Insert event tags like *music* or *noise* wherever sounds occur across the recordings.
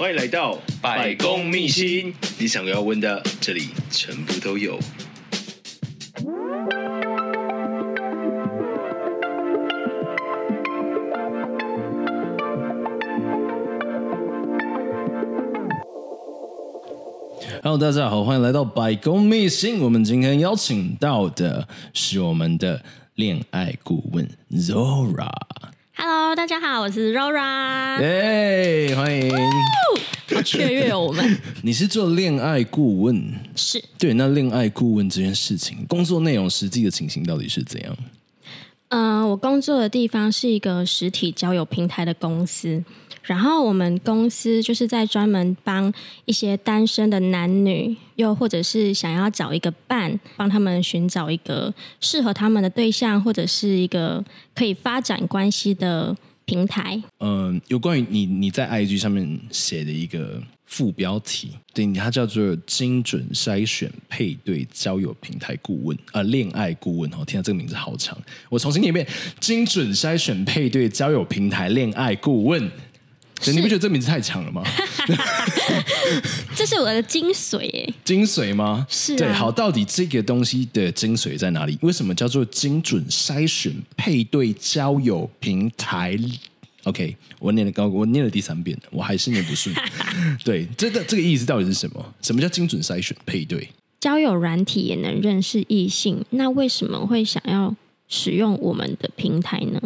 歡迎來到百工秘辛，你想要問的這裡全部都有。Hello，大家好，歡迎來到百工秘辛。我們今天邀請到的是我們的戀愛顧問 Zora。Hello，大家好，我是 Zora。哎、yeah，歡迎！要雀躍我們。你是做戀愛顧問？是。對，那戀愛顧問這件事情，工作內容實際的情形到底是怎樣？嗯、呃，我工作的地方是一個實體交友平台的公司。然後我們公司就是在專門幫一些單身的男女，又或者是想要找一個伴，幫他們尋找一個適合他們的對象，或者是一個可以發展關係的平台。嗯，有關於你你在 IG 上面寫的一個副標題，對，它叫做“精準篩選配對交友平台顧問”啊，戀愛顧問。好、哦，聽到這個名字好長，我重新念一遍：“精準篩選配對交友平台戀愛顧問。”你不覺得這名字太強了嗎？哈哈哈哈 *laughs* 這是我的精髓，精髓嗎？是、啊，對，好，到底這個東西的精髓在哪裡？為什麼叫做精準篩選配對交友平台？OK，我念了高，我念了第三遍，我還是念不順。哈哈哈哈，對，這個這個意思到底是什麼？什麼叫精準篩選配對交友軟體也能認識異性？那為什麼會想要使用我們的平台呢？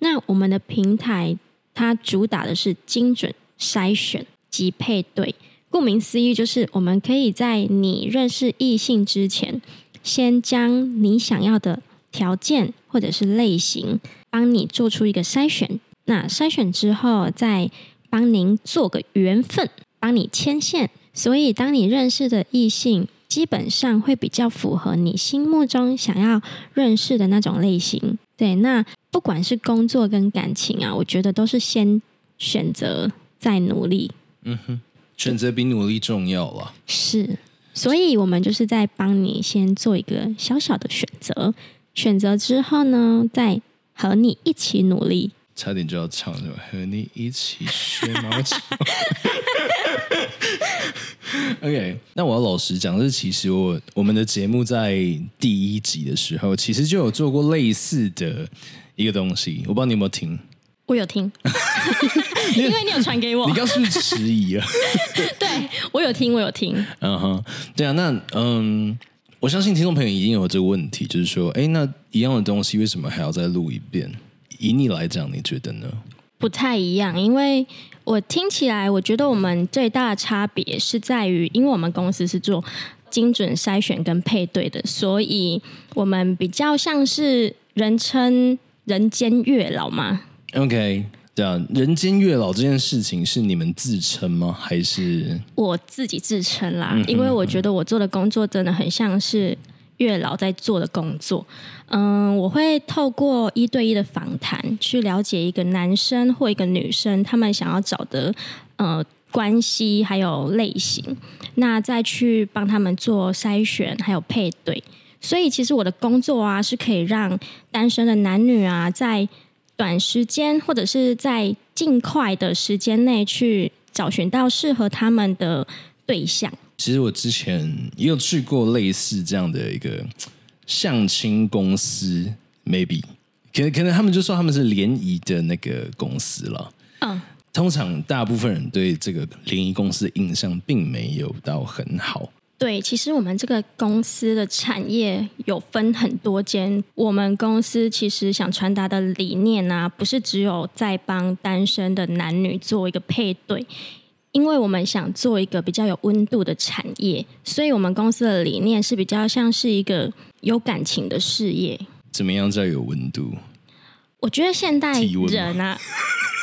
那我們的平台，它主打的是精準篩選及配對，顧名思義，就是我們可以在你認識異性之前，先將你想要的條件或者是類型，幫你做出一個篩選。那篩選之後，再幫您做個緣分，幫你牽線。所以，當你認識的異性，基本上會比較符合你心目中想要認識的那種類型。對，那。不管是工作跟感情啊，我覺得都是先選擇再努力。嗯哼，選擇比努力重要啊。是，所以我們就是在幫你先做一個小小的選擇，選擇之後呢，再和你一起努力。差點就要唱了，和你一起學貓叫 *laughs* *laughs* OK，那我要老實講，就是其實我我們的節目在第一集的時候，其實就有做過類似的。一個東西，我不知道你有沒有聽，我有聽， *laughs* 因為 *laughs* 因為你有傳給我，你剛剛是不是遲疑啊？ *laughs* *laughs* 對，我有聽，我有聽。嗯哼，對啊，那嗯，我相信聽眾朋友一定有這個問題，就是說，哎，那一樣的東西，為什麼還要再錄一遍？以你來講，你覺得呢？不太一樣，因為我聽起來，我覺得我們最大的差別是在於，因為我們公司是做精準篩選跟配對的，所以我們比較像是人稱。人間月老嗎？OK，這樣，對啊，人間月老這件事情是你們自稱嗎？還是我自己自稱啦？ *laughs* 因為我覺得我做的工作真的很像是月老在做的工作。嗯，我會透過一對一的訪談去了解一個男生或一個女生他們想要找的呃關係還有類型，那再去幫他們做篩選還有配對。所以，其實我的工作啊，是可以讓單身的男女啊，在短時間或者是在盡快的時間內去找尋到適合他們的對象。其實我之前也有去過類似這樣的一個相親公司，maybe，可能可能他們就說他們是聯誼的那個公司了。嗯，通常大部分人對這個聯誼公司的印象並沒有到很好。對，其實我們這個公司的產業有分很多間。我們公司其實想傳達的理念啊，不是只有在幫單身的男女做一個配對，因為我們想做一個比較有溫度的產業，所以我們公司的理念是比較像是一個有感情的事業。怎麼樣才有溫度？我覺得現代人啊。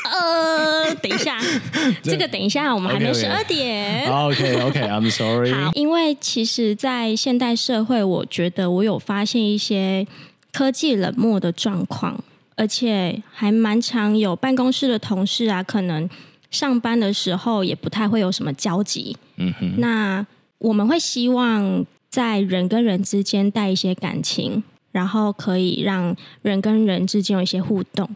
呃，等一下， *laughs* 這，這個等一下，我們還沒十二點。OK OK，okay. Oh, okay, okay, I'm sorry。 *laughs* 好，因為其實，在現代社會，我覺得我有發現一些科技冷漠的狀況，而且還蠻常有辦公室的同事啊，可能上班的時候也不太會有什麼交集。嗯哼。那我們會希望在人跟人之間帶一些感情，然後可以讓人跟人之間有一些互動。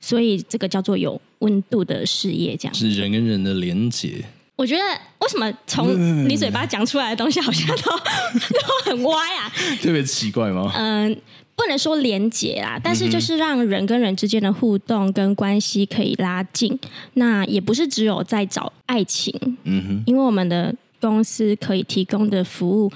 所以這個叫做有溫度的事業，這樣是人跟人的連接。我覺得為什麼從你嘴巴講出來的東西好像都 *laughs* 都很歪啊？特別奇怪嗎？嗯、呃，不能說連接啦，但是就是讓人跟人之間的互動跟關係可以拉近，嗯。那也不是只有在找愛情，嗯哼，因為我們的公司可以提供的服務，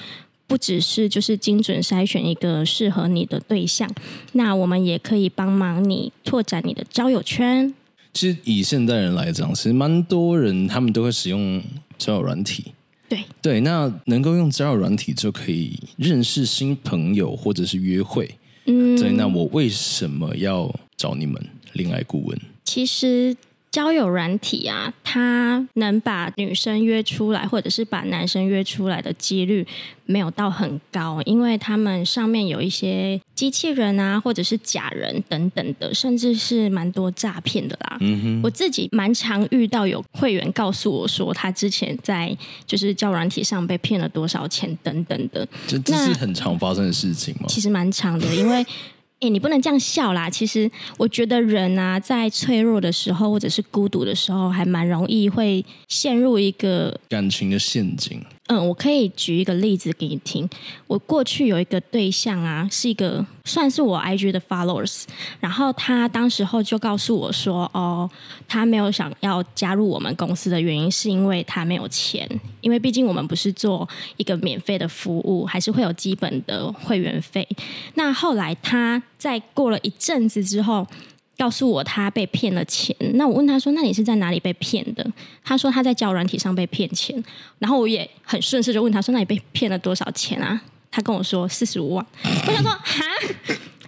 不只是就是精準篩選一個適合你的對象，那我們也可以幫忙你拓展你的交友圈。其實以現代人來講，其實蠻多人他們都會使用交友軟體。對對，那能夠用交友軟體就可以認識新朋友或者是約會。嗯，所以對，那我為什麼要找你們戀愛顧問？其實。交友軟體啊，它能把女生約出來，或者是把男生約出來的幾率沒有到很高，因為他們上面有一些機器人啊，或者是假人等等的，甚至是蠻多詐騙的啦。嗯哼，我自己蠻常遇到有會員告訴我說，他之前在就是交友軟體上被騙了多少錢等等的，這是很常發生的事情嗎？其實蠻常的，因為。 *laughs* 哎，你不能這樣笑啦！其實我覺得人啊，在脆弱的時候，或者是孤獨的時候，還蠻容易會陷入一個感情的陷阱。嗯，我可以舉一個例子給你聽。我過去有一個對象啊，是一個算是我 IG 的 followers，然後他當時候就告訴我說，哦，他沒有想要加入我們公司的原因是因為他沒有錢，因為畢竟我們不是做一個免費的服務，還是會有基本的會員費。那後來他再過了一陣子之後，告訴我他被騙了錢，那我問他說：“那你是在哪裡被騙的？”他說他在交友軟體上被騙錢，然後我也很順勢就問他說：“那你被騙了多少錢啊？”他跟我說四十五萬，我想說哈，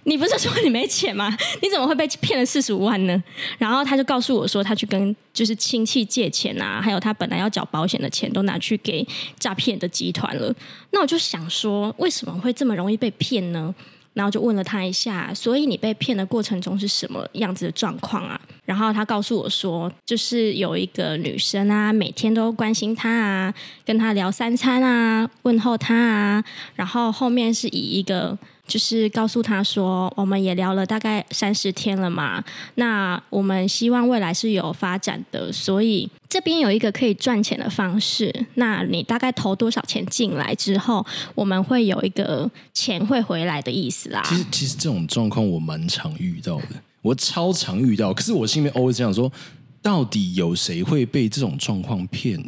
你不是說你沒錢嗎？你怎麼會被騙了四十五萬呢？然後他就告訴我說他去跟就是親戚借錢啊，還有他本來要繳保險的錢都拿去給詐騙的集團了。那我就想說，為什麼會這麼容易被騙呢？然後就問了他一下，所以你被騙的過程中是什麼樣子的狀況啊？然後他告訴我說，就是有一個女生啊，每天都關心他啊，跟他聊三餐啊，問候他啊，然後後面是以一個。就是告訴他說，我們也聊了大概三十天了嘛，那我們希望未來是有發展的，所以這邊有一個可以賺錢的方式，那你大概投多少錢進來之後，我們會有一個錢會回來的意思啦。其實，其實這種狀況我蠻常遇到的，我超常遇到，可是我心裡面 always 這樣說，到底有誰會被這種狀況騙？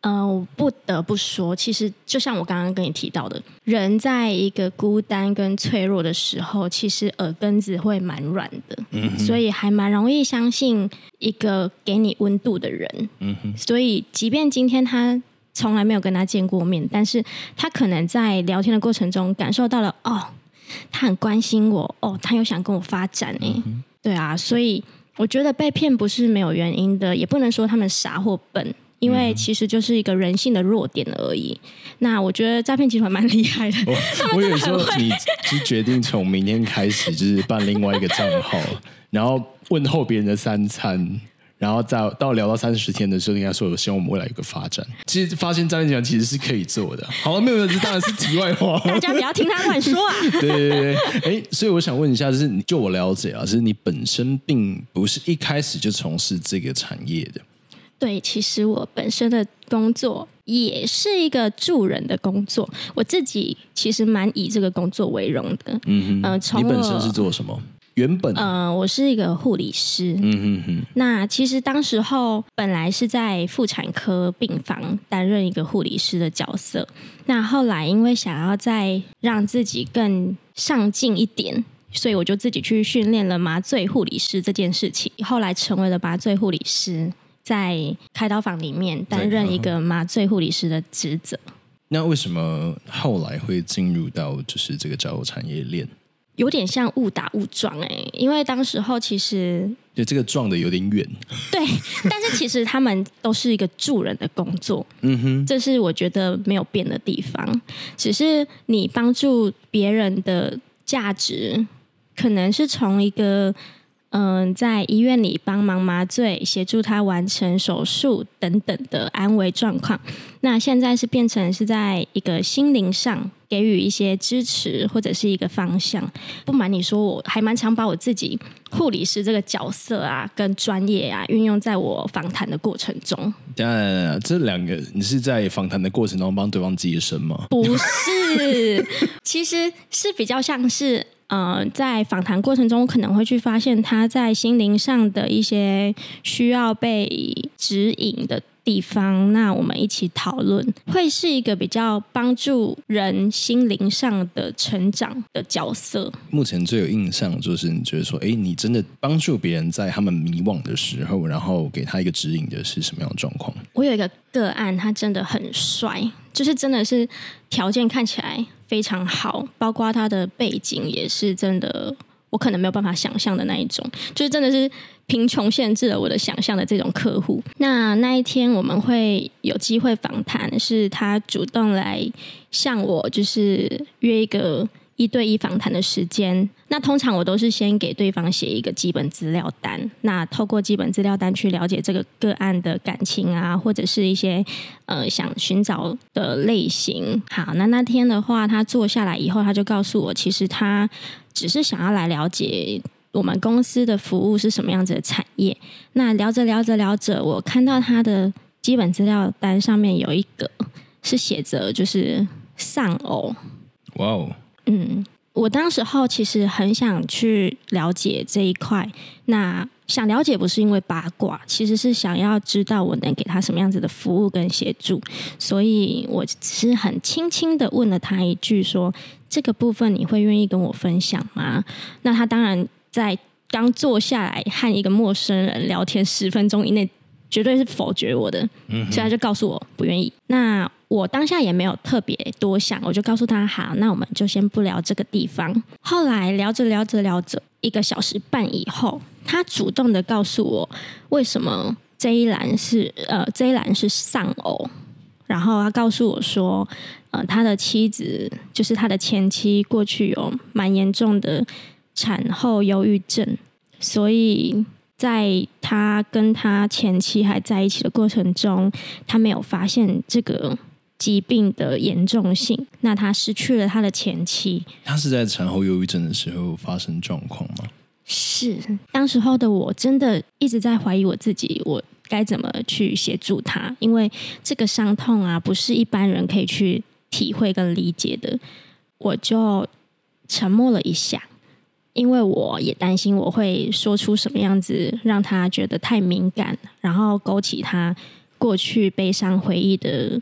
呃，不得不說，其實就像我剛剛跟你提到的，人在一個孤單跟脆弱的時候，其實耳根子會蠻軟的，嗯、所以還蠻容易相信一個給你溫度的人。嗯哼，所以即便今天他從來沒有跟他見過面，但是他可能在聊天的過程中感受到了哦，他很關心我，哦，他又想跟我發展哎、嗯，對啊，所以我覺得被騙不是沒有原因的，也不能說他們傻或笨。因為其實就是一個人性的弱點而已。嗯、那我覺得詐騙集團蠻厲害的。我有時候你就決定從明天開始就是辦另外一個賬號， *laughs* 然後問候別人的三餐，然後到到聊到三十天的時候，應該說我希望我們未來有個發展。其實發現詐騙集團其實是可以做的、啊。好了，沒有沒有，這當然是題外話。 *laughs* 大家不要聽他亂說啊。對 *laughs* 對對。哎，所以我想問一下，就是你就我了解啊，就是你本身並不是一開始就從事這個產業的。對，其實我本身的工作也是一個助人的工作，我自己其實蠻以這個工作為榮的。嗯嗯、呃，從我，你本身是做什麼？原本，嗯、呃，我是一個護理師。嗯哼哼。那其實當時候本來是在婦產科病房擔任一個護理師的角色，那後來因為想要再讓自己更上進一點，所以我就自己去訓練了麻醉護理師這件事情，後來成為了麻醉護理師。在開刀房裡面擔任一個麻醉護理師的職責。啊、那為什麼後來會進入到就是這個交友產業鏈？有點像誤打誤撞哎，因為當時候其實對這個撞得有點遠。對，但是其實他們都是一個助人的工作，嗯哼，這是我覺得沒有變的地方。只是你幫助別人的價值，可能是從一個。嗯，在醫院裡幫忙麻醉、協助他完成手術等等的安危狀況。那現在是變成是在一個心靈上給予一些支持或者是一個方向。不瞞你說，我還蠻常把我自己護理師這個角色啊、跟專業啊運用在我訪談的過程中。當然，這兩個，你是在訪談的過程中幫對方接生嗎？不是， *laughs* 其實是比較像是。呃，在訪談過程中，我可能會去發現他在心靈上的一些需要被指引的地方。那我們一起討論，會是一個比較幫助人心靈上的成長的角色。目前最有印象就是，你覺得說，哎，你真的幫助別人在他們迷惘的時候，然後給他一個指引的是什麼樣的狀況？我有一個個案，他真的很帥。就是真的是條件看起來非常好，包括他的背景也是真的，我可能沒有辦法想象的那一種。就是真的是貧窮限制了我的想象的這種客戶。那那一天我們會有機會訪談，是他主動來向我，就是約一個。一對一訪談的時間，那通常我都是先給對方寫一個基本資料單。那透過基本資料單去了解這個個案的感情啊，或者是一些呃想尋找的類型。好，那那天的話，他坐下來以後，他就告訴我，其實他只是想要來了解我們公司的服務是什麼樣子的產業。那聊着聊着聊着，我看到他的基本資料單上面有一個是寫着就是喪偶，哇哦！嗯，我當時候其實很想去了解這一塊。那想了解不是因為八卦，其實是想要知道我能給他什麼樣子的服務跟協助。所以我只是很輕輕的問了他一句，說：“這個部分你會願意跟我分享嗎？”那他當然在剛坐下來和一個陌生人聊天十分鐘以內，絕對是否決我的。嗯，所以他就告訴我不願意。那我當下也沒有特別多想，我就告訴他：“好，那我們就先不聊這個地方。”後來聊着聊着聊着，一個小時半以後，他主動的告訴我，為什麼這一欄是呃這一欄是喪偶。然後他告訴我說：“呃，他的妻子就是他的前妻，過去有蠻嚴重的產後憂鬱症，所以在他跟他前妻還在一起的過程中，他沒有發現這個。”疾病的嚴重性，那他失去了他的前妻。他是在產後憂鬱症的時候發生狀況嗎？是，當時候的我真的一直在懷疑我自己，我該怎麼去協助他？因為這個傷痛啊，不是一般人可以去體會跟理解的。我就沉默了一下，因為我也擔心我會說出什麼樣子，讓他覺得太敏感，然後勾起他過去悲傷回憶的。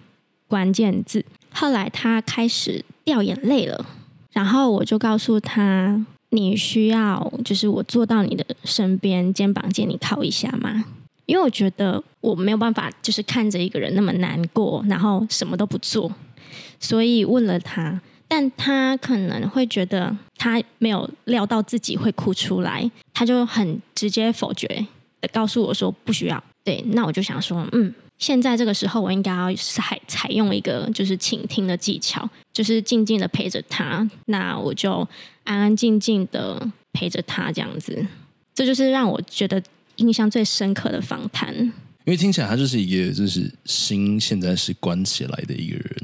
關鍵字。後來他開始掉眼淚了，然後我就告訴他：“你需要，就是我坐到你的身邊，肩膀借你靠一下嗎？”因為我覺得我沒有辦法，就是看着一個人那麼難過，然後什麼都不做，所以問了他。但他可能會覺得他沒有料到自己會哭出來，他就很直接否決的告訴我說：“不需要。”對，那我就想說：“嗯。”現在這個時候，我應該要採採用一個就是傾聽的技巧，就是靜靜的陪着他。那我就安安靜靜的陪着他這樣子，這就是讓我覺得印象最深刻的訪談。因為聽起來，他就是一個就是心現在是關起來的一個人。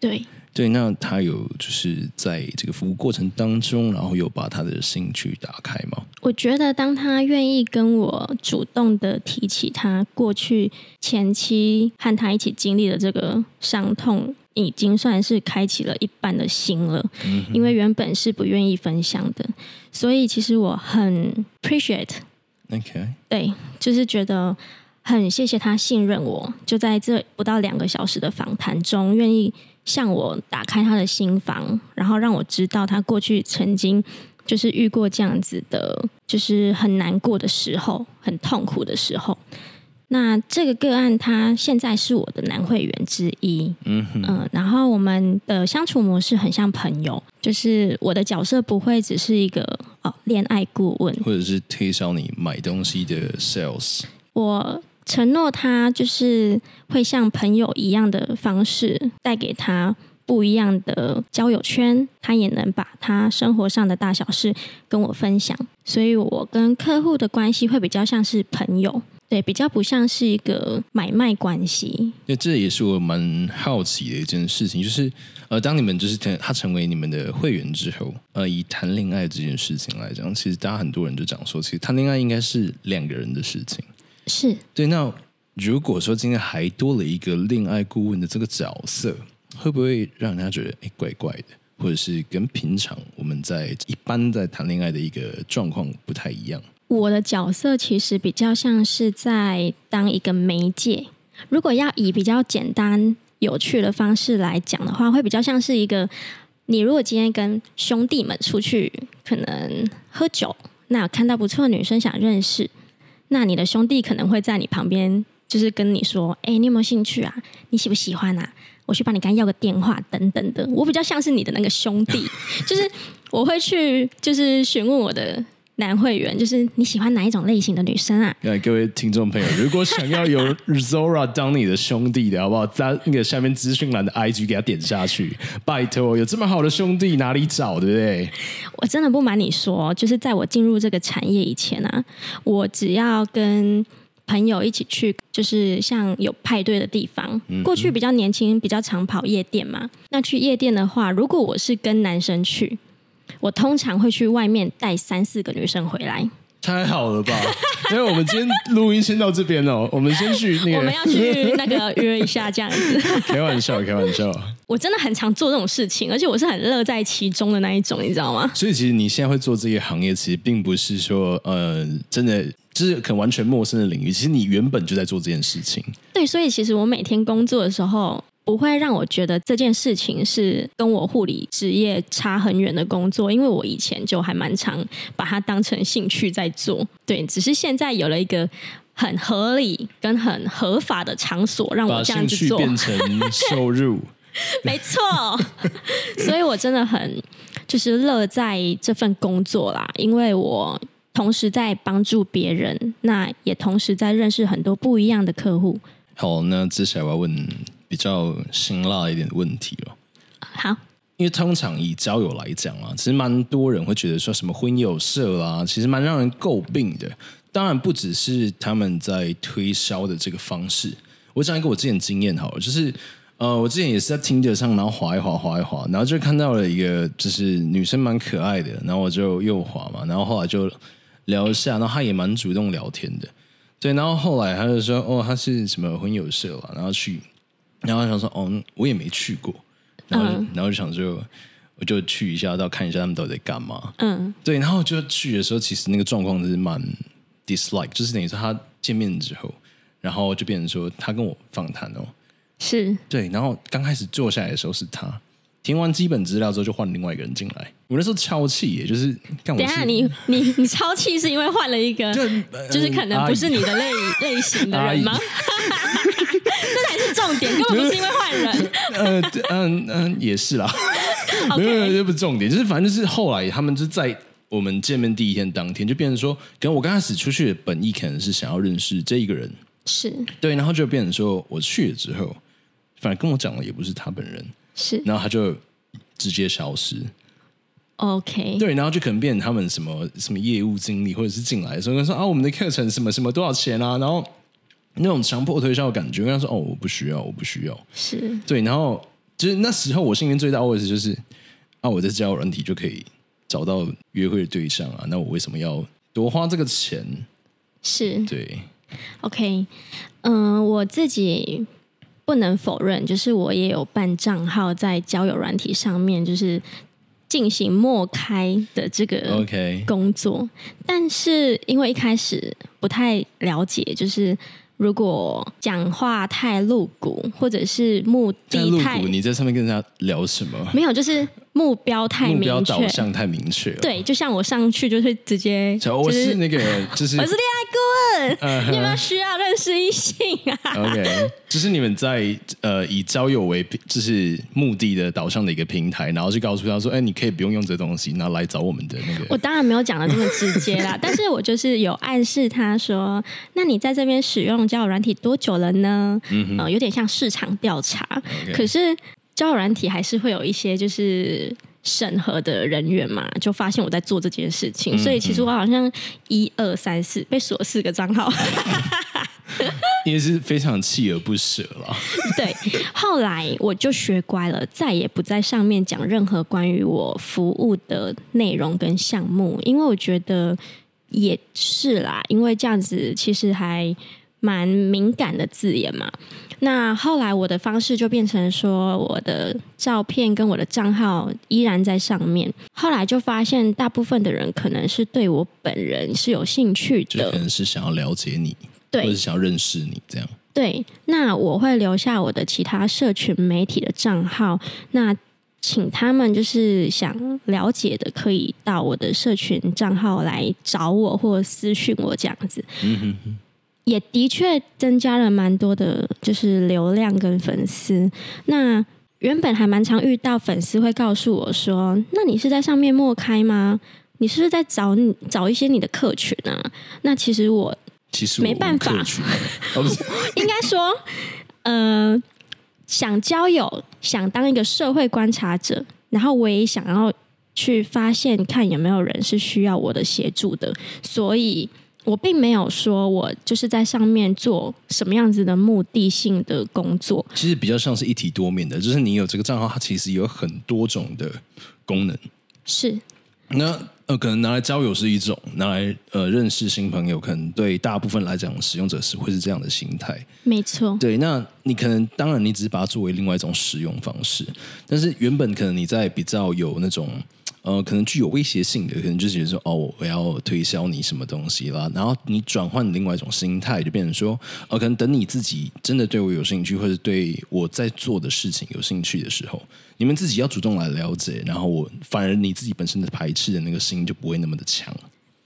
對。對，那他有就是在這個服務過程當中，然後有把他的心去打開嗎？我覺得當他願意跟我主動的提起他過去前妻和他一起經歷的這個傷痛，已經算是開啟了一半的心了。嗯。因為原本是不願意分享的，所以其實我很 appreciate。OK，對，就是覺得很謝謝他信任我，就在這不到兩個小時的訪談中願意。向我打開他的心房，然後讓我知道他過去曾經就是遇過這樣子的，就是很難過的時候，很痛苦的時候。那這個個案他現在是我的男會員之一，嗯哼、呃、然後我們的相處模式很像朋友，就是我的角色不會只是一個哦戀愛顧問，或者是推銷你買東西的 sales，我承諾他就是會像朋友一樣的方式帶給他不一樣的交友圈，他也能把他生活上的大小事跟我分享，所以我跟客戶的關係會比較像是朋友，對，比較不像是一個買賣關係。那這也是我蠻好奇的一件事情，就是呃，當你們就是他成為你們的會員之後，呃，以談戀愛這件事情來講，其實大家很多人就講說，其實談戀愛應該是兩個人的事情。是對，那如果說今天還多了一個戀愛顧問的這個角色，會不會讓人家覺得哎，怪怪的，或者是跟平常我們在一般在談戀愛的一個狀況不太一樣？我的角色其實比較像是在當一個媒介。如果要以比較簡單有趣的方式來講的話，會比較像是一個，你如果今天跟兄弟們出去可能喝酒，那有看到不錯的女生想認識。那你的兄弟可能會在你旁邊，就是跟你說：“哎，你有沒有興趣啊？你喜不喜歡啊？我去幫你該要個電話等等的。”我比較像是你的那個兄弟，就是我會去就是詢問我的。男會員，就是你喜歡哪一種類型的女生啊？各位聽眾朋友，如果想要有 Zora 當你的兄弟的，的 *laughs* 好不好？在那個下面資訊欄的 IG 給他點下去，拜託，有這麼好的兄弟哪裡找？對不對？我真的不瞞你說，就是在我進入這個產業以前啊，我只要跟朋友一起去，就是像有派對的地方。過去比較年輕，比較常跑夜店嘛。那去夜店的話，如果我是跟男生去。我通常會去外面帶三四個女生回來。太好了吧？ *laughs* 因為我們今天錄音，先到這邊哦。我們先去那個， *laughs* 我們要去那個約一下，這樣子。開玩笑，開玩笑。我真的很常做這種事情，而且我是很樂在其中的那一種，你知道嗎？所以，其實你現在會做這些行業，其實並不是說，呃，真的就是很完全陌生的領域。其實你原本就在做這件事情。對，所以其實我每天工作的時候。不會讓我覺得這件事情是跟我護理職業差很遠的工作，因為我以前就還蠻常把它當成興趣在做。對，只是現在有了一個很合理跟很合法的場所，讓我這樣去做，變成收入。 *laughs* 沒錯， *laughs* 所以我真的很就是樂在這份工作啦，因為我同時在幫助別人，那也同時在認識很多不一樣的客戶。好，那接下來我要問。比較辛辣一點的問題、喔、好，因為通常以交友來講啊，其實蠻多人會覺得說什麼婚友社啦，其實蠻讓人詬病的。當然不只是他們在推銷的這個方式，我講一個我之前的經驗好了，就是呃，我之前也是在 Tinder 上，然後滑一滑、滑一滑，然後就看到了一個就是女生蠻可愛的，然後我就又滑嘛，然後後來就聊一下，然後她也蠻主動聊天的，對，然後後來她就說哦，她是什麼婚友社吧，然後去。然後想說，嗯、哦，我也沒去過，然後、嗯、然後就想說，我就去一下，到看一下他們到底在幹嘛。嗯，對，然後就去的時候，其實那個狀況是蠻 dislike，就是等於說他見面之後，然後就變成說他跟我訪談哦，是對，然後剛開始坐下來的時候是他，填完基本資料之後就換另外一個人進來，我那時候超氣也就是，我是等一下你你你超氣是因為換了一個， *laughs* 就，呃、就是可能不是你的類、哎、類型的人嗎？哎 *laughs* 這 *laughs* 才是重點，根本不是因為換人 *laughs* 呃對。呃，嗯，嗯，也是啦。 *laughs* 沒有 okay. 沒有，這不是重點，就是反正就是後來他們就在我們見面第一天當天就變成說，可能我剛開始出去的本意可能是想要認識這一個人，是對，然後就變成說我去了之後，反而跟我講的也不是他本人，是，然後他就直接消失。OK，對，然後就可能變成他們什麼什麼業務經理，或者是進來的時候跟他說啊，我們的課程什麼什麼多少錢啊，然後。那種強迫推銷的感覺，跟他說，哦，我不需要，我不需要，是對，然後就是那時候我心裡面最大的位置就是啊，我在交友軟體就可以找到約會的對象啊，那我為什麼要多花這個錢？是對，OK，嗯、呃，我自己不能否認，就是我也有辦賬號在交友軟體上面，就是進行默開的這個 OK 工作，okay. 但是因為一開始不太了解，就是。如果講話太露骨，或者是目的太……太露骨，你在上面跟人家聊什麼？沒有，就是。目標太明確，目標導向太明確。對，就像我上去就是直接、就是，我是那個，就是我是戀愛顧問，uh -huh. 你有沒有需要認識異性啊？OK，就是你們在呃以交友為就是目的的導向的一個平台，然後去告訴他說，哎、欸，你可以不用用這個東西，然後來找我們的那個。我當然沒有講的那麼直接啦， *laughs* 但是我就是有暗示他說，那你在這邊使用交友軟體多久了呢？嗯、呃，有點像市場調查，okay. 可是。交友軟體還是會有一些就是審核的人員嘛，就發現我在做這件事情，嗯、所以其實我好像一二三四被鎖四個賬號，也 *laughs* 是非常鍥而不捨了。 *laughs* 對，後來我就學乖了，再也不在上面講任何關於我服務的內容跟項目，因為我覺得也是啦，因為這樣子其實還蠻敏感的字眼嘛。那後來我的方式就變成說，我的照片跟我的賬號依然在上面。後來就發現，大部分的人可能是對我本人是有興趣的，就可能是想要了解你，對，或者想要認識你這樣。對，那我會留下我的其他社群媒體的賬號。那請他們就是想了解的，可以到我的社群賬號來找我或私訊我這樣子。嗯哼哼。也的確增加了蠻多的，就是流量跟粉絲。那原本還蠻常遇到粉絲會告訴我說：“那你是在上面摸開嗎？你是不是在找你找一些你的客群啊？”那其實我其實我沒辦法， *laughs* *laughs* *laughs* 應該說，呃，想交友，想當一個社會觀察者，然後我也想要去發現看有沒有人是需要我的協助的，所以。我並沒有說我就是在上面做什麼樣子的目的性的工作，其實比較像是一體多面的，就是你有這個賬號，它其實有很多種的功能。是，那呃，可能拿來交友是一種，拿來呃認識新朋友，可能對大部分來講使用者是會是這樣的心態。沒錯，對，那你可能當然你只是把它作為另外一種使用方式，但是原本可能你在比較有那種。呃，可能具有威脅性的，可能就覺得說，哦，我要推銷你什麼東西啦。然後你轉換另外一種心態，就變成說，呃，可能等你自己真的對我有興趣，或者是對我在做的事情有興趣的時候，你們自己要主動來了解。然後我反而你自己本身的排斥的那個心就不會那麼的強。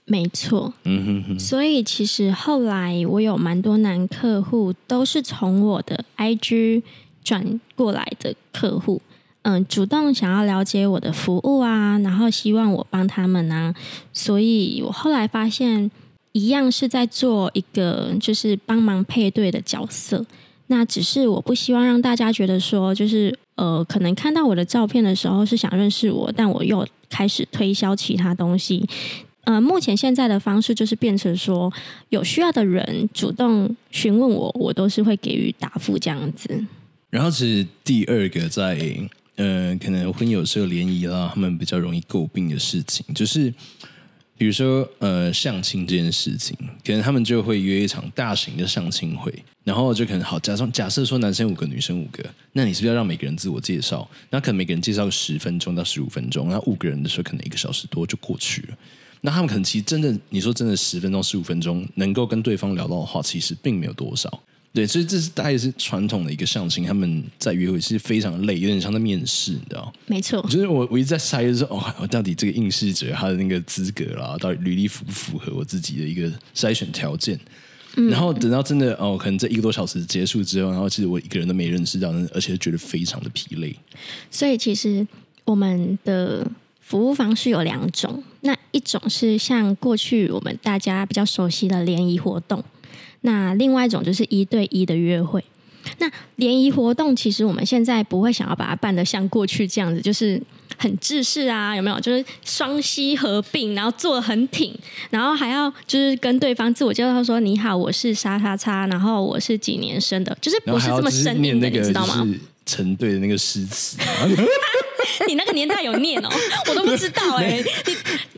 沒錯，嗯哼哼。所以其實後來我有蠻多男客戶都是從我的 IG 轉過來的客戶。嗯，主動想要了解我的服務啊，然後希望我幫他們啊。所以我後來發現一樣是在做一個就是幫忙配對的角色。那只是我不希望讓大家覺得說，就是呃，可能看到我的照片的時候是想認識我，但我又開始推銷其他東西。呃，目前現在的方式就是變成說，有需要的人主動詢問我，我都是會給予答覆這樣子。然後，是第二個在。呃，可能婚友社、有聯誼啦，他們比較容易詬病的事情，就是比如說呃，相親這件事情，可能他們就會約一場大型的相親會，然後就可能好，假裝假設說男生五個，女生五個，那你是不是要讓每個人自我介紹？那可能每個人介紹十分鐘到十五分鐘，那五個人的時候可能一個小時多就過去了。那他們可能其實真的，你說真的十分鐘、十五分鐘，能夠跟對方聊到的話，其實並沒有多少。對，所以這是大家是傳統的一個相親，他們在約會是非常累，有點像在面試，你知道沒錯。就是我我一直在篩的時候，就是哦，我到底這個應試者他的那個資格啦，到底履歷符不符合我自己的一個篩選條件？嗯、然後等到真的哦，可能這一個多小時結束之後，然後其實我一個人都沒認識到，而且覺得非常的疲累。所以其實我們的服務方式有兩種，那一種是像過去我們大家比較熟悉的聯誼活動。那另外一種就是一對一的約會。那聯誼活動其實我們現在不會想要把它辦得像過去這樣子，就是很制式啊，有沒有？就是雙膝合併，然後坐很挺，然後還要就是跟對方自我介紹說，你好，我是叉叉叉，然後我是幾年生的，就是不是這麼生硬、那個，你知道嗎？就是、成對的那個詩詞、啊。 *laughs* 你那個年代有念哦，我都不知道哎、欸。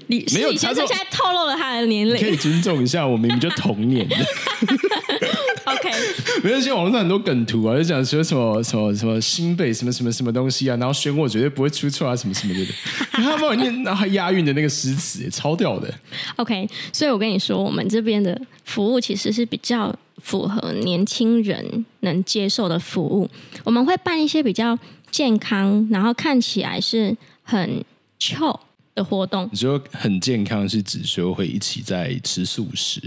你你沒是你先生現在透露了他的年齡，你可以尊重一下我明明就童年。 *laughs* *laughs* OK。沒有，現在網絡上很多梗圖啊，就講說什麼什麼什麼新輩什麼什麼什麼東西啊，然後玄我絕對不會出錯啊，什麼什麼的。 *laughs* 然後他幫我念，然後押韻的那個詩詞，超屌的。OK，所以我跟你說，我們這邊的服務其實是比較符合年輕人能接受的服務。我們會辦一些比較。健康，然後看起來是很俏的活動。你說很健康是指說會一起在吃素食？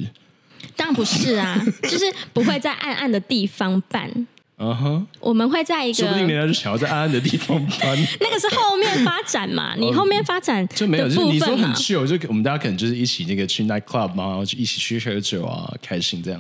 當然不是啊， *laughs* 就是不會在暗暗的地方辦。哼、uh -huh，我們會在一個說不定人家就想要在暗暗的地方辦。 *laughs* 那個是後面發展嘛？你後面發展、oh, 就沒有？就你說很俏，就我們大家可能就是一起那個去 night club 嘛，就一起去喝酒啊，開心這樣。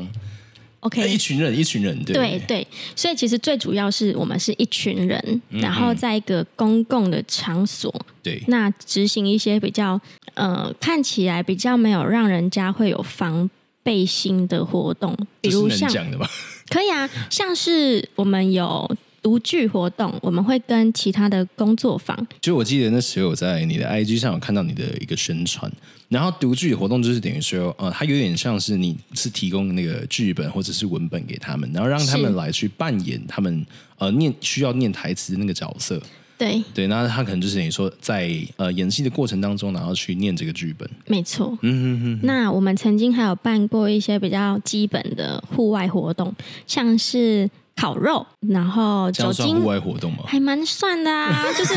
OK，一群人，一群人，對。對對，所以其實最主要是我們是一群人，嗯，然後在一個公共的場所，對，那執行一些比較呃看起來比較沒有讓人家會有防備心的活動，比如像，這的可以啊，像是我們有。讀劇活動，我們會跟其他的工作坊。其實我記得那時候我在你的 IG 上有看到你的一個宣傳，然後讀劇活動就是等於說，呃，它有點像是你是提供那個劇本或者是文本給他們，然後讓他們來去扮演他們呃念需要念台詞的那個角色。對對，那他可能就是等於說在呃演戲的過程當中，然後去念這個劇本。沒錯。嗯嗯嗯。那我們曾經還有辦過一些比較基本的戶外活動，像是。烤肉，然後酒精，戶外活動嗎？還蠻算的啊， *laughs* 就是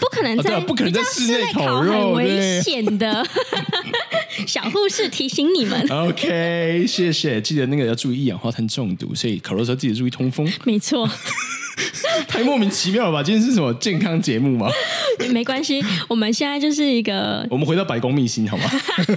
不可能在，啊啊、不可能在室內烤肉，很危險的。啊， *laughs* 小護士提醒你們，OK，謝謝，記得那個要注意一氧化碳中毒，所以烤肉的時候記得注意通風，沒錯。 *laughs* *laughs* 太莫名其妙了吧？今天是什麼健康節目嗎？沒關係，我們現在就是一個， *laughs* 我們回到百工秘辛好嗎？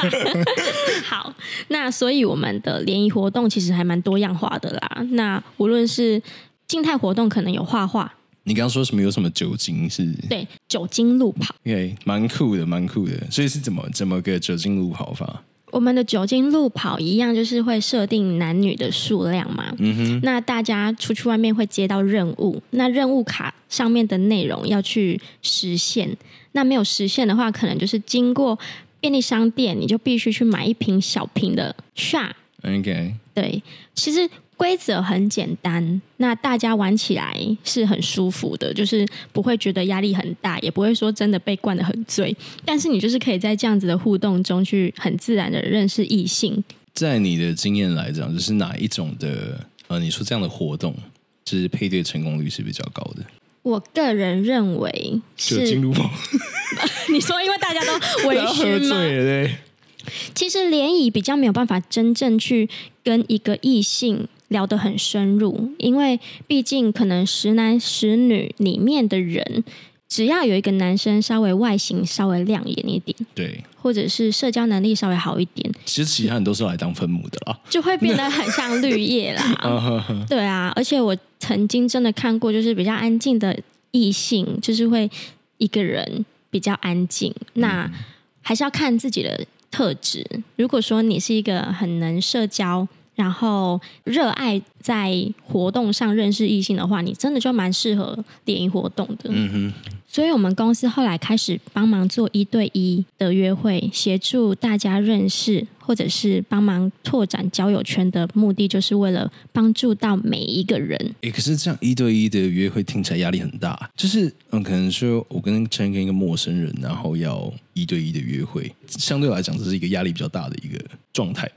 *laughs* *laughs* 好，那所以我們的聯誼活動其實還蠻多樣化的啦。那無論是靜態活動，可能有畫畫。你剛剛說什麼？有什麼酒精是？對，酒精路跑。o、okay，蠻酷的，蠻酷的。所以是怎麼怎麼個酒精路跑法？我們的酒精路跑一樣，就是會設定男女的數量嘛。嗯哼。那大家出去外面會接到任務，那任務卡上面的內容要去實現。那沒有實現的話，可能就是經過便利商店，你就必須去買一瓶小瓶的 shot。Okay. 對，其實。規則很簡單，那大家玩起來是很舒服的，就是不會覺得壓力很大，也不會說真的被灌得很醉。但是你就是可以在這樣子的互動中去很自然的認識異性。在你的經驗來講，就是哪一種的，呃，你說這樣的活動，就是配對成功率是比較高的？我個人認為是。就 *laughs* 啊、你說，因為大家都我要喝醉了。其實聯誼比較沒有辦法真正去跟一個異性。聊得很深入，因為畢竟可能十男十女裡面的人，只要有一個男生稍微外形稍微亮眼一點，對，或者是社交能力稍微好一點，其實其他人都是來當分母的啦，就會變得很像綠葉啦。 *laughs* 對啊，而且我曾經真的看過，就是比較安靜的異性，就是會一個人比較安靜。那還是要看自己的特質。如果說你是一個很能社交，然後熱愛在活動上認識異性的話，你真的就蠻適合聯誼活動的。嗯哼，所以我們公司後來開始幫忙做一對一的約會，協助大家認識，或者是幫忙拓展交友圈的目的，就是為了幫助到每一個人。誒、欸，可是這樣一對一的約會聽起來壓力很大，就是嗯，可能說我跟前跟一個陌生人，然後要一對一的約會，相對來講這是一個壓力比較大的一個狀態。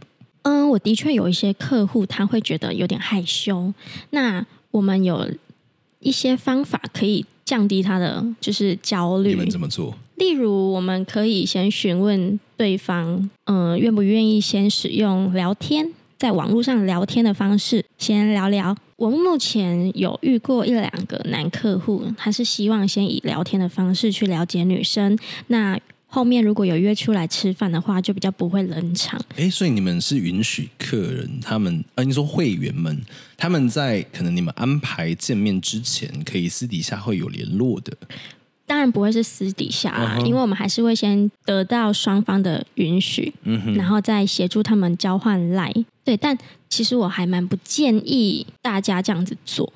嗯，我的確有一些客戶他會覺得有點害羞。那我們有一些方法可以降低他的就是焦慮。你們怎麼做？例如，我們可以先詢問對方，嗯、呃，願不願意先使用聊天，在網絡上聊天的方式先聊聊。我們目前有遇過一兩個男客戶，他是希望先以聊天的方式去了解女生。那後面如果有約出來吃飯的話，就比較不會冷場。哎，所以你們是允許客人他們，呃、啊，你說會員們他們在可能你們安排見面之前，可以私底下會有聯絡的。當然不會是私底下啦、啊，uh -huh. 因為我們還是會先得到雙方的允許，uh -huh. 然後再協助他們交換 LINE。對，但其實我還蠻不建議大家這樣子做。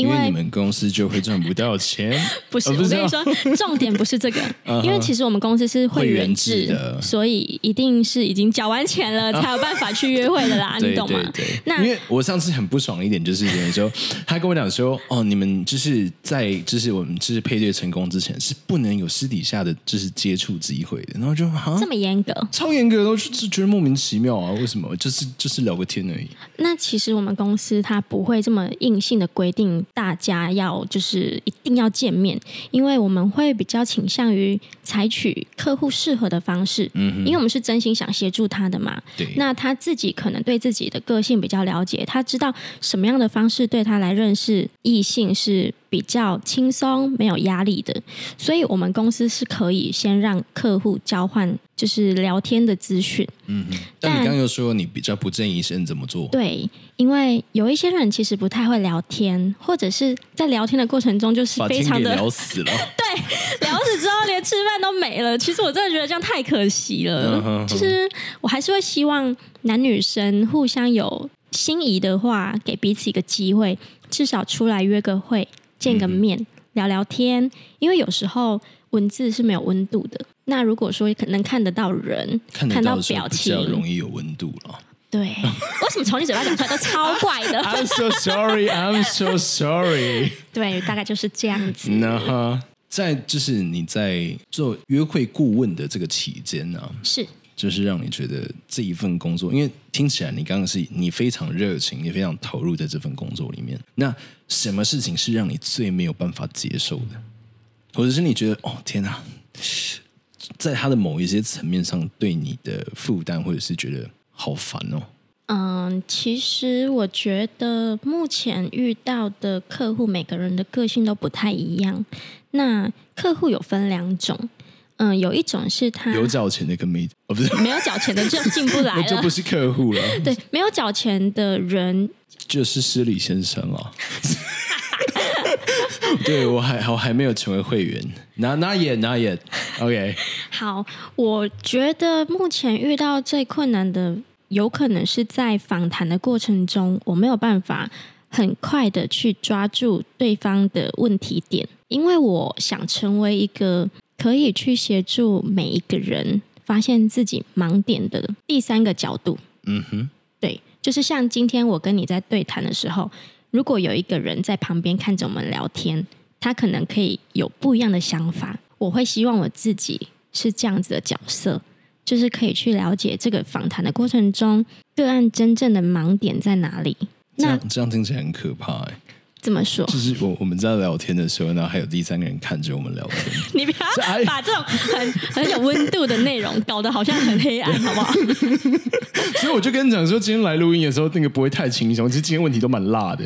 因為，因為你們公司就會賺不到錢， *laughs* 不是哦，不是？我跟你說， *laughs* 重點不是這個。因為其實我們公司是會員制的，所以一定是已經繳完錢了才有辦法去約會的啦， *laughs* 你懂嗎？對，對，對。那因為我上次很不爽一點，就是有人說他跟我講說：“ *laughs* 哦，你們就是在就是我們就是配對成功之前，是不能有私底下的就是接觸機會的。”然後就這麼嚴格，超嚴格的，我就覺得莫名其妙啊，為什麼？就是就是聊個天而已。 *laughs* 那其實我們公司它不會這麼硬性的規定。大家要就是一定要見面，因為我們會比較傾向於採取客戶適合的方式。嗯，因為我們是真心想協助他的嘛。對。那他自己可能對自己的個性比較了解，他知道什麼樣的方式對他來認識異性是比較輕鬆、沒有壓力的。所以，我們公司是可以先讓客戶交換就是聊天的資訊。嗯嗯。但你剛剛又說你比較不建議先怎麼做？對。因為有一些人其實不太會聊天，或者是在聊天的過程中就是非常的聊死了。 *laughs* 對， *laughs* 聊死之後連吃飯都沒了。其實我真的覺得這樣太可惜了。其 *laughs* 實我還是會希望男女生互相有心儀的話，給彼此一個機會，至少出來約個會，見個面，嗯、聊聊天。因為有時候文字是沒有溫度的。那如果說可能看得到人，看，得到，看到表情，比較容易有溫度了。對，為 *laughs* 什麼從你嘴巴講出來都超怪的 *laughs* ？I'm so sorry, I'm so sorry。 *laughs* 對，大概就是這樣子。那哈在就是你在做約會顧問的這個期間呢、啊，是就是讓你覺得這一份工作，因為聽起來你剛剛是你非常熱情，也非常投入在這份工作裡面。那什麼事情是讓你最沒有辦法接受的，或者是你覺得哦天哪，在他的某一些層面上對你的負擔，或者是覺得。好煩哦。嗯，其實我覺得目前遇到的客戶，每個人的個性都不太一樣。那客戶有分兩種，嗯，有一種是他有繳錢的跟沒哦，不是沒有繳錢的就進不來 *laughs* 我就不是客戶了。對，沒有繳錢的人就是失禮先生哦。 *laughs* *laughs* 對我還好，還沒有成為會員，not yet, not yet. OK，好，我覺得目前遇到最困難的。有可能是在訪談的過程中，我沒有辦法很快的去抓住對方的問題點，因為我想成為一個可以去協助每一個人發現自己盲點的第三個角度。嗯哼，對，就是像今天我跟你在對談的時候，如果有一個人在旁邊看着我們聊天，他可能可以有不一樣的想法。我會希望我自己是這樣子的角色。就是可以去了解這個訪談的過程中，個案真正的盲點在哪裡。這那這樣聽起來很可怕欸。怎麼說，就是我我們在聊天的時候呢，還有第三個人看着我們聊天。 *laughs* 你不要把這種很很有溫度的內容搞得好像很黑暗，好不好？ *laughs* 所以我就跟你講說，今天來錄音的時候，那個不會太輕鬆。其實今天問題都蠻辣的。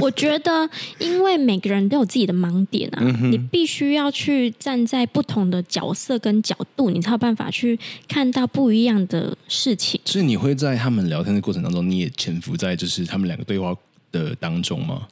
我覺得，因為每個人都有自己的盲點啊， *laughs* 你必須要去站在不同的角色跟角度，你才有辦法去看到不一樣的事情。所以你會在他們聊天的過程當中，你也潛伏在，就是他們兩個對話的當中嗎？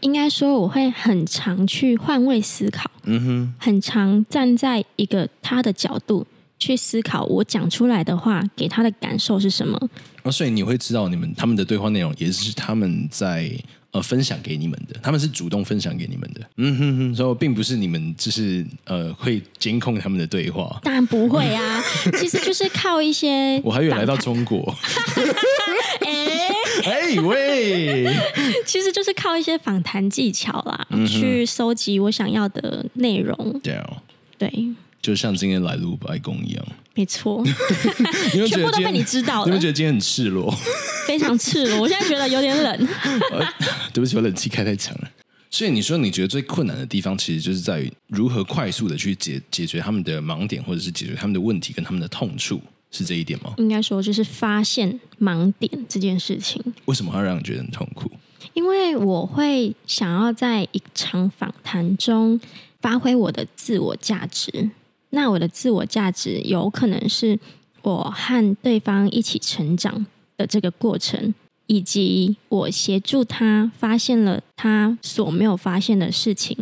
應該說我會很常去換位思考，嗯哼，很常站在一個他的角度去思考，我講出來的話給他的感受是什麼？哦，所以你會知道你們他們的對話內容也是他們在。呃，分享給你們的，他們是主動分享給你們的，嗯哼哼，所以並不是你們就是呃會監控他們的對話，當然不會啊， *laughs* 其實就是靠一些我還有來到中國，哎哎喂， *laughs* 欸、hey, 其實就是靠一些訪談技巧啦，嗯、去搜集我想要的內容，對，對，就像今天來錄百工一樣。沒錯 *laughs* ，全部都被你知道了。你有沒有覺得今天很赤裸， *laughs* 非常赤裸。我現在覺得有點冷。 *laughs* 對不起，我冷氣開太強了。所以你說你覺得最困難的地方，其實就是在於如何快速的去解解決他們的盲點，或者是解決他們的問題跟他們的痛處，是這一點嗎？應該說，就是發現盲點這件事情。為什麼會讓你覺得很痛苦？因為我會想要在一場訪談中發揮我的自我價值。那我的自我價值有可能是我和對方一起成長的這個過程，以及我協助他發現了他所沒有發現的事情。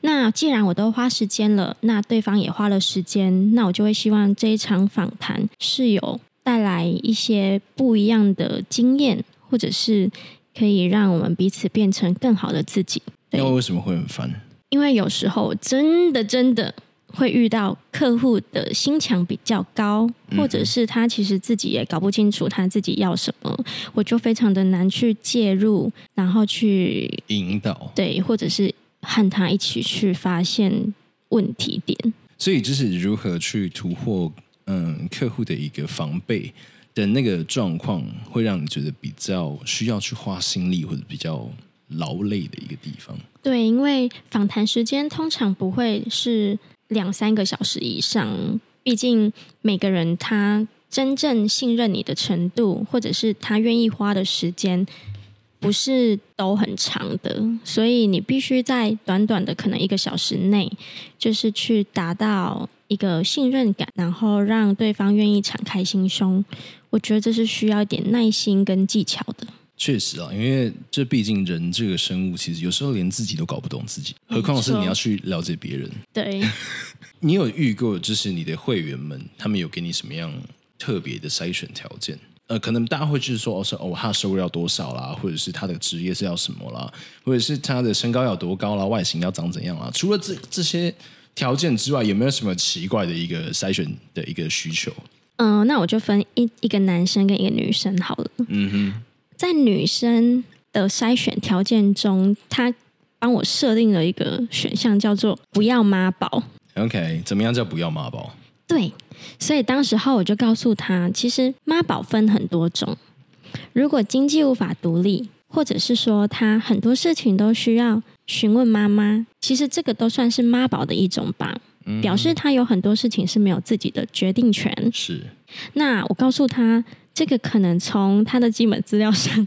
那既然我都花時間了，那對方也花了時間，那我就會希望這一場訪談是有帶來一些不一樣的經驗，或者是可以讓我們彼此變成更好的自己。那我為什麼會很煩？因為有時候真的真的。會遇到客戶的心牆比較高，或者是他其實自己也搞不清楚他自己要什麼，我就非常的難去介入，然後去引導，對，或者是和他一起去發現問題點。所以，就是如何去突破，嗯，客戶的一個防備的那個狀況，會讓你覺得比較需要去花心力，或者比較勞累的一個地方。對，因為訪談時間通常不會是。兩三個小時以上，畢竟每個人他真正信任你的程度，或者是他願意花的時間，不是都很長的。所以你必須在短短的可能一個小時內，就是去達到一個信任感，然後讓對方願意敞開心胸。我覺得這是需要一點耐心跟技巧的。確實啊，因為這畢竟人這個生物，其實有時候連自己都搞不懂自己，何況是你要去了解別人。對， *laughs* 你有遇過就是你的會員們，他們有給你什麼樣特別的篩選條件？呃，可能大家會去說，哦，說哦，他收入要多少啦，或者是他的職業是要什麼啦，或者是他的身高要多高啦，外形要長怎樣啊？除了這這些條件之外，有沒有什麼奇怪的一個篩選的一個需求？嗯、呃，那我就分一一個男生跟一個女生好了。嗯哼。在女生的篩選條件中，她幫我設定了一個選項，叫做“不要媽寶”。OK，怎麼樣叫不要媽寶？對，所以當時候我就告訴她，其實媽寶分很多種。如果經濟無法獨立，或者是說她很多事情都需要詢問媽媽，其實這個都算是媽寶的一種吧。嗯，表示她有很多事情是沒有自己的決定權。是。那我告訴她。這個可能從他的基本資料上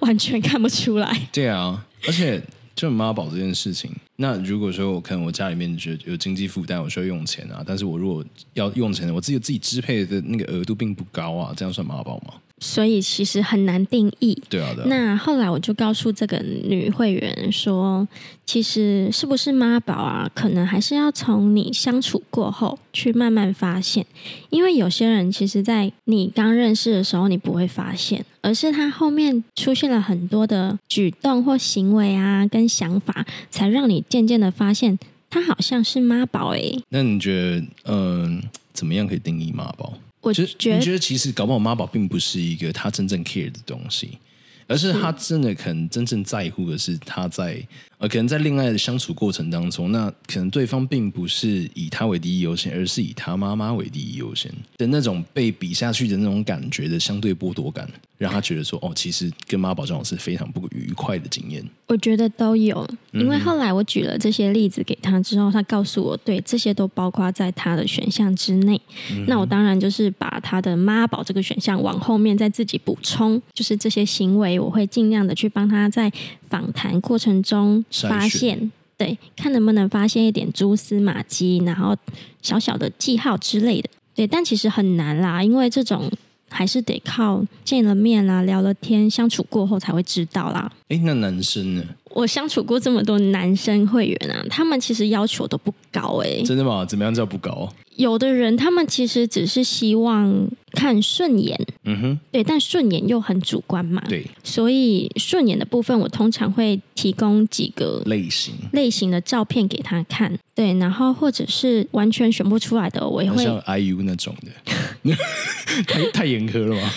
完全看不出來。 *laughs* 對啊，而且就媽寶這件事情，那如果說我可能我家裡面有有經濟負擔，我需要用錢啊，但是我如果要用錢，我自己自己支配的那個額度並不高啊，這樣算媽寶嗎？所以其實很難定義。對啊，對啊。那後來我就告訴這個女會員說，其實是不是媽寶啊，可能還是要從你相處過後去慢慢發現。因為有些人其實，在你剛認識的時候，你不會發現，而是他後面出現了很多的舉動或行為啊，跟想法，才讓你漸漸的發現他好像是媽寶誒、欸，那你覺得，嗯、呃，怎麼樣可以定義媽寶？我覺得，你覺得其實搞不好媽寶並不是一個他真正 care 的東西，而是他真的可能真正在乎的是他在。可能在戀愛的相處過程當中，那可能對方並不是以他為第一優先，而是以他媽媽為第一優先的那種被比下去的那種感覺的相對剝奪感，讓他覺得說：“哦，其實跟媽寶這種是非常不愉快的經驗。”我覺得都有，因為後來我舉了這些例子給他之後，他告訴我，對，這些都包括在他的選項之內，嗯。那我當然就是把他的媽寶這個選項往後面再自己補充，就是這些行為我會盡量的去幫他在訪談過程中發現，對，看能不能發現一點蛛絲馬跡，然後小小的記號之類的，對，但其實很難啦，因為這種還是得靠見了面啦、聊了天、相處過後才會知道啦。誒，那男生呢？我相處過這麼多男生會員啊，他們其實要求都不高哎、欸。真的嗎？怎麼樣叫不高？有的人他們其實只是希望看順眼。嗯哼。對，但順眼又很主觀嘛。對。所以順眼的部分，我通常會提供幾個類型類型的照片給他看。對，然後或者是完全選不出來的，我也會。像 IU 那種的， *laughs* 太嚴苛了吧？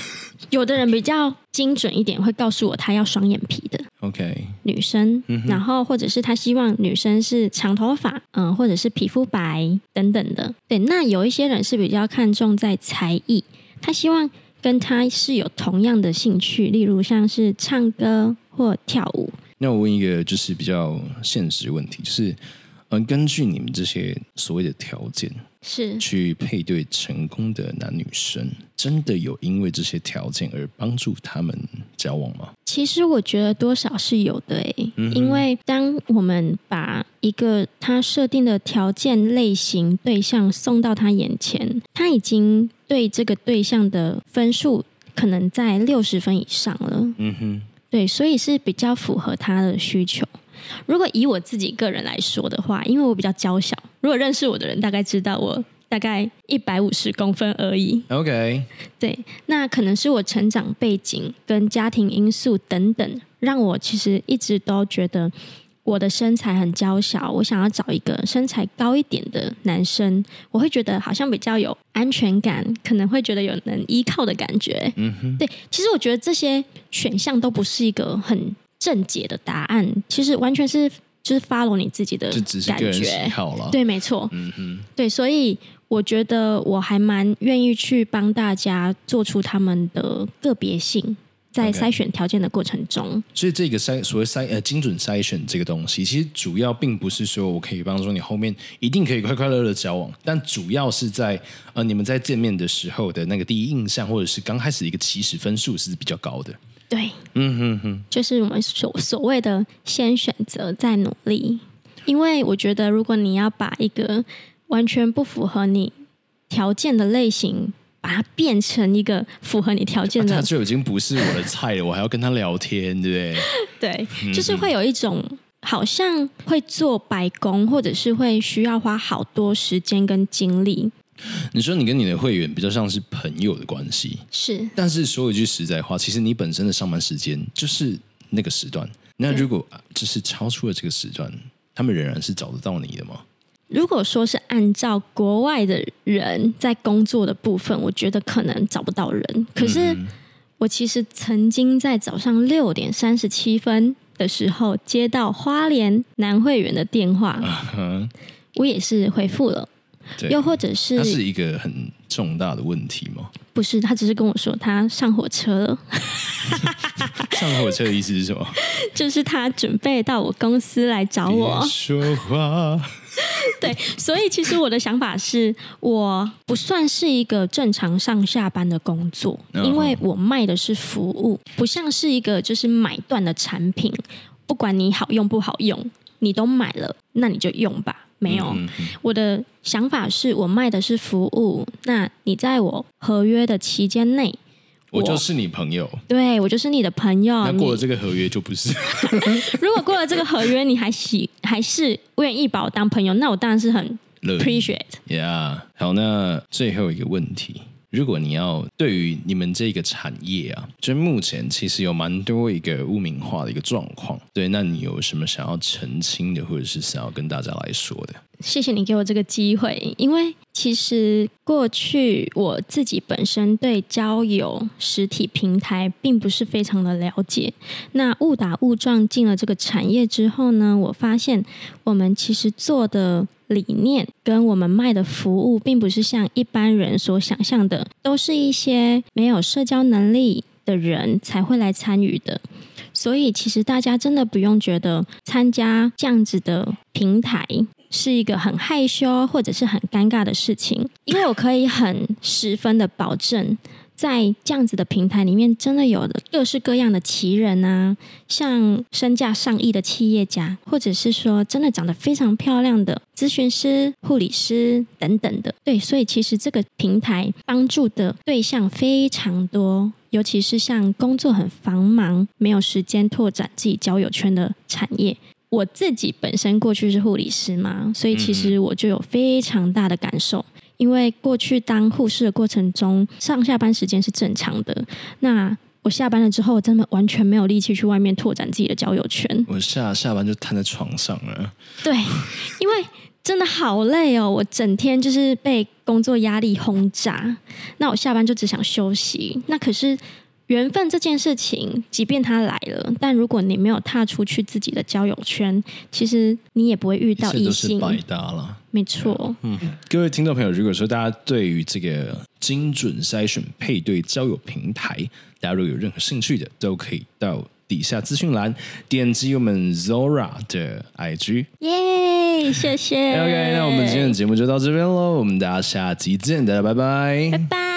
有的人比較精準一點，會告訴我他要雙眼皮的。OK，女生，嗯，然後或者是他希望女生是長頭髮，嗯，呃，或者是皮膚白等等的。對，那有一些人是比較看重在才藝，他希望跟他是有同樣的興趣，例如像是唱歌或跳舞。那我問一個就是比較現實問題，就是，嗯，呃，根據你們這些所謂的條件，是去配對成功的男女生，真的有因為這些條件而幫助他們交往嗎？其實我覺得多少是有的誒，嗯，因為當我們把一個他設定的條件類型對象送到他眼前，他已經對這個對象的分數可能在六十分以上了。嗯哼，對，所以是比較符合他的需求。如果以我自己個人來說的話，因為我比較嬌小，如果認識我的人，大概知道我。大概一百五十公分而已。OK，對，那可能是我成長背景跟家庭因素等等，讓我其實一直都覺得我的身材很嬌小。我想要找一個身材高一點的男生，我會覺得好像比較有安全感，可能會覺得有能依靠的感覺。嗯哼，對，其實我覺得這些選項都不是一個很正解的答案，其實完全是就是發 w 你自己的感覺。對，沒錯。嗯哼，對，所以。我覺得我還蠻願意去幫大家做出他們的個別性，在篩選條件的過程中。Okay. 所以這個篩所謂篩呃精準篩選這個東西，其實主要並不是說我可以幫助你後面一定可以快快樂樂交往，但主要是在呃你們在見面的時候的那個第一印象，或者是剛開始的一個起始分數是比較高的。對，嗯哼哼，就是我們所所謂的先選擇再努力， *laughs* 因為我覺得如果你要把一個。完全不符合你條件的類型，把它變成一個符合你條件的，啊，那就已經不是我的菜了。 *laughs* 我還要跟他聊天，對不對？對，就是會有一種 *laughs* 好像會做白工，或者是會需要花好多時間跟精力。你說你跟你的會員比較像是朋友的關係，是，但是說一句實在話，其實你本身的上班時間就是那個時段。那如果就是超出了這個時段，他們仍然是找得到你的嗎？如果說是按照國外的人在工作的部分，我覺得可能找不到人。可是、嗯、我其實曾經在早上六點三十七分的時候接到花蓮男會員的電話，uh -huh、我也是回復了。又或者是，他是一個很重大的問題嗎？不是，他只是跟我說他上火車了。 *laughs* *laughs* 上火車的意思是什麼？就是他準備到我公司來找我。說話。 *laughs* 對，所以其實我的想法是，我不算是一個正常上下班的工作，因為我賣的是服務，不像是一個就是買斷的產品，不管你好用不好用，你都買了，那你就用吧。沒有，嗯、我的想法是我賣的是服務，那你在我合約的期間內。我，我就是你朋友，對，我就是你的朋友。那過了這個合約就不是。 *laughs* 如果過了這個合約，你還喜還是願意把我當朋友，那我當然是很 appreciate。Yeah，好，那最後一個問題，如果你要對於你們這個產業啊，就目前其實有蠻多一個污名化的一個狀況，對，那你有什麼想要澄清的，或者是想要跟大家來說的？謝謝你給我這個機會，因為其實過去我自己本身對交友實體平台並不是非常的了解那誤打誤撞進了這個產業之後呢，我發現我們其實做的理念跟我們賣的服務，並不是像一般人所想象的，都是一些沒有社交能力的人才會來參與的。所以，其實大家真的不用覺得參加這樣子的平台。是一個很害羞或者是很尷尬的事情，因為我可以很十分的保證，在這樣子的平台裡面，真的有各式各樣的奇人啊，像身價上億的企業家，或者是說真的長得非常漂亮的諮詢師、護理師等等的。對，所以其實這個平台幫助的對象非常多，尤其是像工作很繁忙、沒有時間拓展自己交友圈的產業。我自己本身過去是護理師嘛，所以其實我就有非常大的感受。嗯，因為過去當護士的過程中，上下班時間是正常的。那我下班了之後，我真的完全沒有力氣去外面拓展自己的交友圈。我下下班就癱在床上了。對，因為真的好累哦，我整天就是被工作壓力轟炸。那我下班就只想休息。那可是。緣分這件事情，即便它來了，但如果你沒有踏出去自己的交友圈，其實你也不會遇到異性。白搭了，沒錯、yeah. 嗯。各位聽眾朋友，如果說大家對於這個精準篩選配對交友平台，大家如果有任何興趣的，都可以到底下資訊欄點擊我們 Zora 的 IG。耶、yeah，謝謝。OK，那我們今天的節目就到這邊嘍，我們大家下集見，大家拜拜，拜拜。